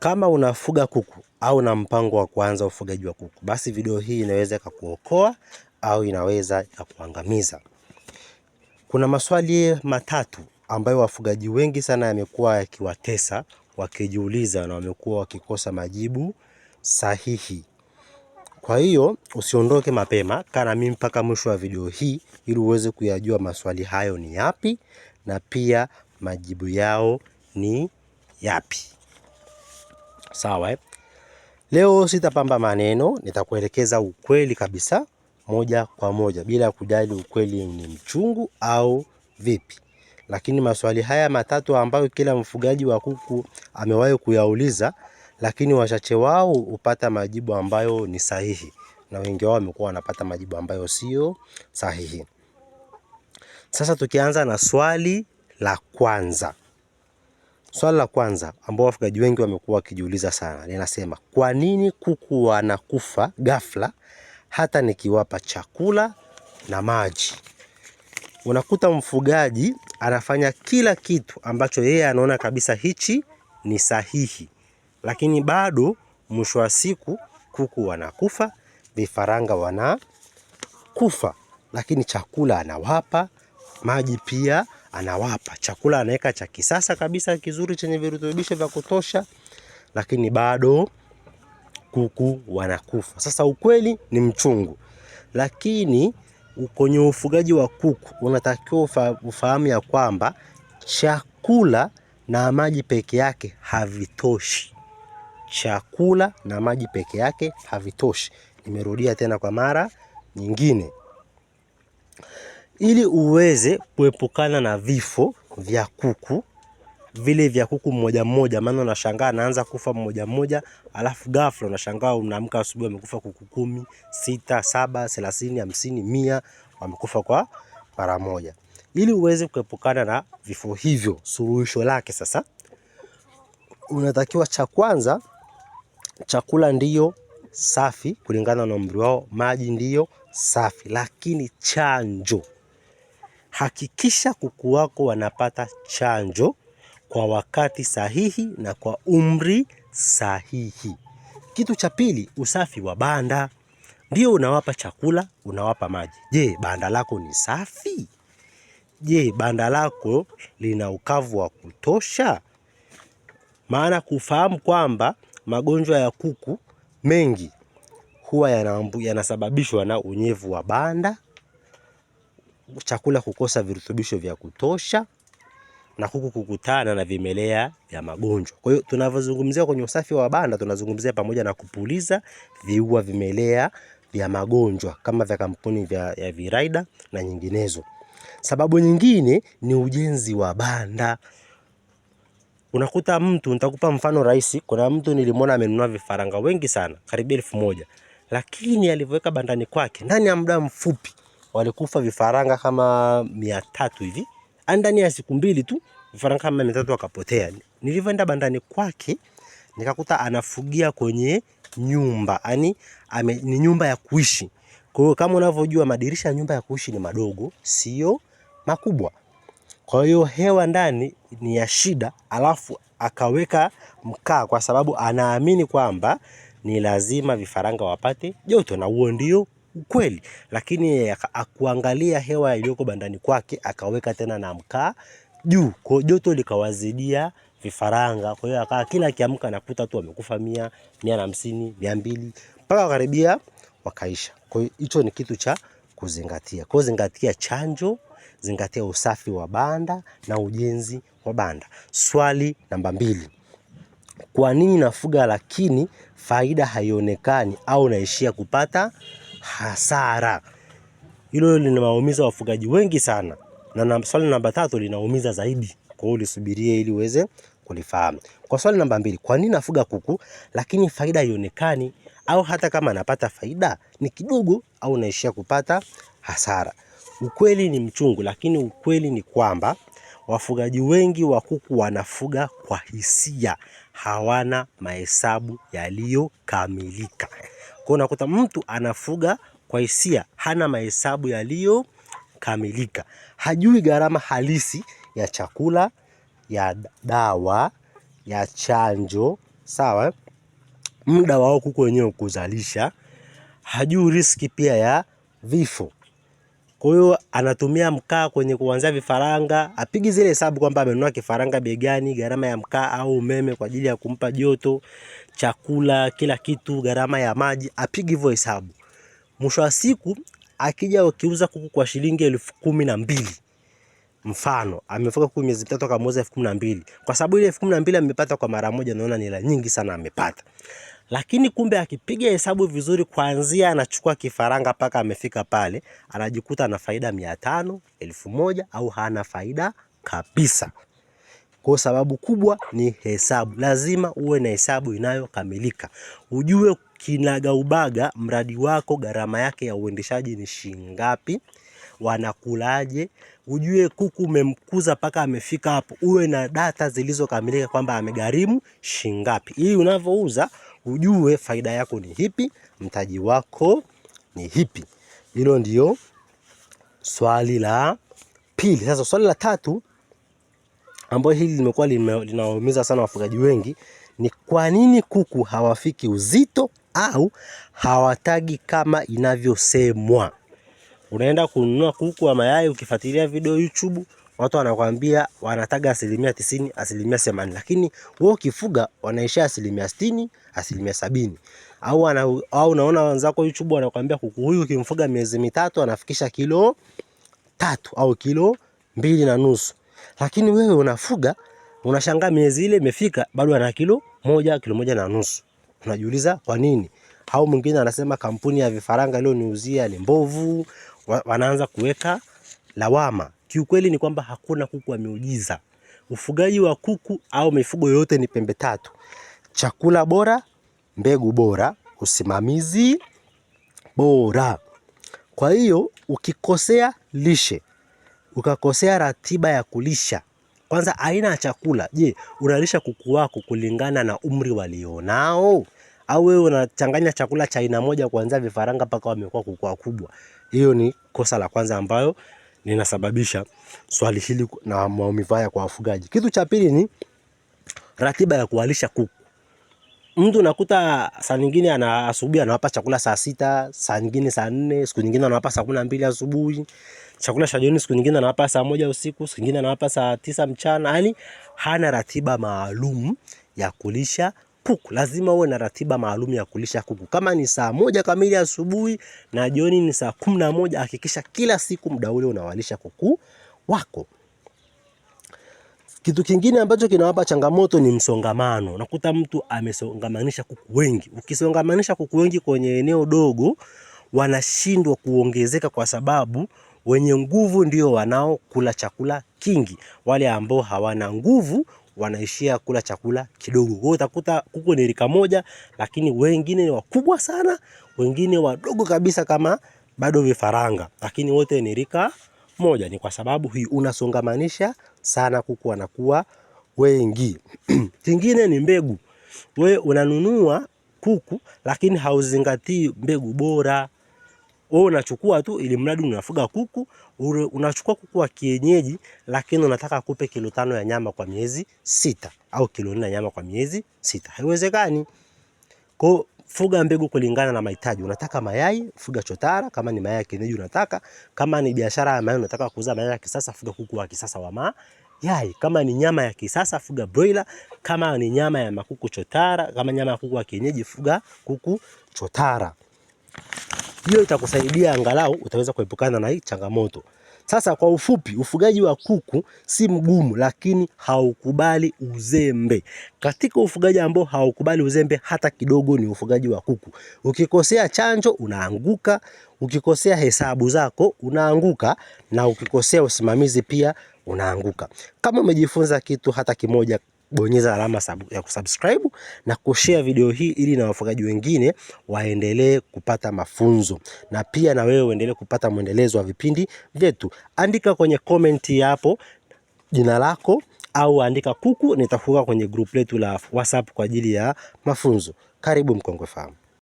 Kama unafuga kuku au una mpango wa kuanza ufugaji wa kuku, basi video hii inaweza ikakuokoa au inaweza ikakuangamiza. Kuna maswali matatu ambayo wafugaji wengi sana yamekuwa yakiwatesa wakijiuliza, na wamekuwa wakikosa majibu sahihi. Kwa hiyo usiondoke mapema, kaa na mimi mpaka mwisho wa video hii ili uweze kuyajua maswali hayo ni yapi na pia majibu yao ni yapi. Sawa eh? Leo sitapamba maneno, nitakuelekeza ukweli kabisa moja kwa moja bila kujali ukweli ni mchungu au vipi. Lakini maswali haya matatu ambayo kila mfugaji wa kuku amewahi kuyauliza, lakini wachache wao hupata majibu ambayo ni sahihi na wengi wao wamekuwa wanapata majibu ambayo sio sahihi. Sasa tukianza na swali la kwanza. Swali la kwanza ambao wafugaji wengi wamekuwa wakijiuliza sana linasema, kwa nini kuku wanakufa ghafla hata nikiwapa chakula na maji? Unakuta mfugaji anafanya kila kitu ambacho yeye anaona kabisa hichi ni sahihi, lakini bado mwisho wa siku kuku wanakufa, vifaranga wanakufa, lakini chakula anawapa, maji pia anawapa chakula, anaweka cha kisasa kabisa kizuri chenye virutubisho vya kutosha, lakini bado kuku wanakufa. Sasa ukweli ni mchungu, lakini kwenye ufugaji wa kuku unatakiwa ufa, ufahamu ya kwamba chakula na maji peke yake havitoshi. Chakula na maji peke yake havitoshi. Nimerudia tena kwa mara nyingine. Ili uweze kuepukana na vifo vya kuku vile vya kuku mmoja mmoja, maana unashangaa anaanza kufa mmoja mmoja, alafu ghafla unashangaa unaamka asubuhi amekufa kuku kumi, sita, saba, thelathini, hamsini, mia wamekufa kwa mara moja. Ili uweze kuepukana na vifo hivyo, suluhisho lake sasa, unatakiwa cha kwanza, chakula ndiyo safi kulingana na umri wao, maji ndiyo safi, lakini chanjo Hakikisha kuku wako wanapata chanjo kwa wakati sahihi na kwa umri sahihi. Kitu cha pili, usafi wa banda. Ndio unawapa chakula, unawapa maji. Je, banda lako ni safi? Je, banda lako lina ukavu wa kutosha? Maana kufahamu kwamba magonjwa ya kuku mengi huwa yanasababishwa na unyevu wa banda chakula kukosa virutubisho vya kutosha na kuku kukutana na vimelea vya magonjwa. Kwa hiyo tunavyozungumzia kwenye usafi wa banda, tunazungumzia pamoja na kupuliza viua vimelea vya magonjwa kama vya kampuni vya, ya Virida na nyinginezo. Sababu nyingine ni ujenzi wa banda. Unakuta mtu, nitakupa mfano rahisi. Kuna mtu nilimwona amenunua vifaranga wengi sana, karibu elfu moja, lakini alivyoweka bandani kwake ndani ya muda mfupi walikufa vifaranga kama mia tatu hivi, yaani ndani ya siku mbili tu vifaranga kama mia tatu wakapotea. Nilivyoenda bandani kwake nikakuta anafugia kwenye nyumba yani, ni nyumba ya kuishi. Kwa hiyo kama unavyojua madirisha ya nyumba ya kuishi ni madogo, sio makubwa, kwa hiyo hewa ndani ni ya shida. Alafu akaweka mkaa kwa sababu anaamini kwamba ni lazima vifaranga wapate joto, na huo ndio ukweli, lakini akuangalia hewa iliyoko bandani kwake, akaweka tena na mkaa juu, kwa joto likawazidia vifaranga. Kwa hiyo akaa kila akiamka anakuta tu amekufa mia, mia na hamsini, mia mbili mpaka wakaribia wakaisha. Kwa hiyo hicho ni kitu cha kuzingatia. Kwa hiyo zingatia chanjo, zingatia usafi wa banda na ujenzi wa banda. Swali namba mbili, kwa nini nafuga lakini faida haionekani au naishia kupata hasara. Hilo linawaumiza wafugaji wengi sana, na swali namba tatu linaumiza zaidi. Kwa hiyo ulisubirie ili uweze kulifahamu. Kwa swali namba mbili, kwa nini nafuga kuku lakini faida haionekani au hata kama napata faida ni kidogo au naishia kupata hasara? Ukweli ni mchungu, lakini ukweli ni kwamba wafugaji wengi wa kuku wanafuga kwa hisia, hawana mahesabu yaliyokamilika. Kwa hiyo unakuta mtu anafuga kwa hisia, hana mahesabu yaliyokamilika, hajui gharama halisi ya chakula, ya dawa, ya chanjo, sawa, muda wao kuku wenyewe kuzalisha, hajui riski pia ya vifo. Kwa hiyo anatumia mkaa kwenye kuanzia vifaranga, apigi zile hesabu kwamba amenunua kifaranga bei gani, gharama ya mkaa au umeme kwa ajili ya kumpa joto, chakula, kila kitu, gharama ya maji, apigi hivyo hesabu. Mwisho wa siku akija akiuza kuku kwa shilingi elfu kumi na mbili mfano amefuga kuku miezi mitatu akamuuza elfu kumi na mbili kwa sababu ile elfu kumi na mbili amepata kwa mara moja, naona ni hela nyingi sana amepata. Lakini kumbe akipiga hesabu vizuri, kuanzia anachukua kifaranga mpaka amefika pale, anajikuta na faida mia tano, elfu moja au hana faida kabisa. Kwa sababu kubwa ni hesabu. Lazima uwe na hesabu inayokamilika, ujue kinagaubaga mradi wako, gharama yake ya uendeshaji ni shingapi, wanakulaje, ujue kuku umemkuza mpaka amefika hapo, uwe na data zilizokamilika kwamba amegharimu shingapi. Hii unavyouza ujue faida yako ni hipi, mtaji wako ni hipi. Hilo ndio swali la pili. Sasa swali la tatu ambayo hili limekuwa linawaumiza sana wafugaji wengi ni kwa nini kuku hawafiki uzito au hawatagi kama inavyosemwa. Unaenda kununua kuku wa mayai, ukifuatilia video YouTube watu wanakuambia wanataga asilimia tisini, asilimia themanini, lakini wewe ukifuga wanaishia asilimia sitini, asilimia sabini. Au au unaona wenzako YouTube wanakuambia kuku huyu ukimfuga miezi mitatu anafikisha kilo tatu au kilo mbili na nusu, lakini wewe unafuga unashangaa miezi ile imefika bado ana kilo moja, kilo moja na nusu. Unajiuliza kwa nini? Au mwingine anasema kampuni ya vifaranga leo niuzia ni mbovu, wanaanza kuweka lawama. Kiukweli ni kwamba hakuna kuku wa miujiza. Ufugaji wa kuku au mifugo yoyote ni pembe tatu: chakula bora, mbegu bora, usimamizi bora. Kwa hiyo ukikosea lishe, ukakosea ratiba ya kulisha, kwanza aina ya chakula. Je, unalisha kuku wako kulingana na umri walionao au wewe unachanganya chakula cha aina moja kuanzia vifaranga mpaka wamekuwa kuku wakubwa? Hiyo ni kosa la kwanza ambayo ninasababisha swali hili na maumivu haya kwa wafugaji. Kitu cha pili ni ratiba ya kuwalisha kuku. Mtu nakuta saa nyingine ana asubuhi anawapa chakula saa sita, saa nyingine saa nne, siku nyingine anawapa saa kumi na mbili asubuhi, chakula cha jioni siku nyingine anawapa saa moja usiku, siku nyingine anawapa saa tisa mchana. Yaani hana ratiba maalum ya kulisha kuku lazima uwe na ratiba maalum ya kulisha kuku. Kama ni saa moja kamili asubuhi na jioni ni saa kumi na moja, hakikisha kila siku muda ule unawalisha kuku wako. Kitu kingine ambacho kinawapa changamoto ni msongamano. Nakuta mtu amesongamanisha kuku wengi. Ukisongamanisha kuku wengi kwenye eneo dogo, wanashindwa kuongezeka kwa sababu wenye nguvu ndio wanaokula chakula kingi, wale ambao hawana nguvu wanaishia kula chakula kidogo. Kwa hiyo utakuta kuku ni rika moja, lakini wengine ni wakubwa sana, wengine wadogo kabisa kama bado vifaranga, lakini wote ni rika moja. Ni kwa sababu hii unasongamanisha sana, kuku wanakuwa wengi. Kingine ni mbegu. We unanunua kuku lakini hauzingatii mbegu bora wewe unachukua tu, ili mradi unafuga kuku, unachukua kuku wa kienyeji, lakini unataka kupe kilo tano ya nyama kwa miezi sita au kilo nne ya nyama kwa miezi sita. Haiwezekani. Kwa fuga mbegu kulingana na mahitaji. Unataka mayai, fuga chotara. Kama ni mayai ya kienyeji unataka, kama ni biashara ya mayai, unataka kuuza mayai ya kisasa, fuga kuku wa kisasa wa mayai yai. Kama ni nyama ya kisasa fuga broiler. Kama ni nyama ya makuku chotara. Kama nyama ya kuku wa kienyeji fuga kuku chotara. Hiyo itakusaidia angalau utaweza kuepukana na hii changamoto. Sasa kwa ufupi, ufugaji wa kuku si mgumu, lakini haukubali uzembe. Katika ufugaji ambao haukubali uzembe hata kidogo ni ufugaji wa kuku. Ukikosea chanjo unaanguka, ukikosea hesabu zako unaanguka, na ukikosea usimamizi pia unaanguka. Kama umejifunza kitu hata kimoja bonyeza alama ya kusubscribe na kushare video hii ili na wafugaji wengine waendelee kupata mafunzo na pia na wewe uendelee kupata mwendelezo wa vipindi vyetu. Andika kwenye komenti hapo jina lako au andika kuku, nitakuweka kwenye group letu la WhatsApp kwa ajili ya mafunzo. Karibu Mkongwe Farm.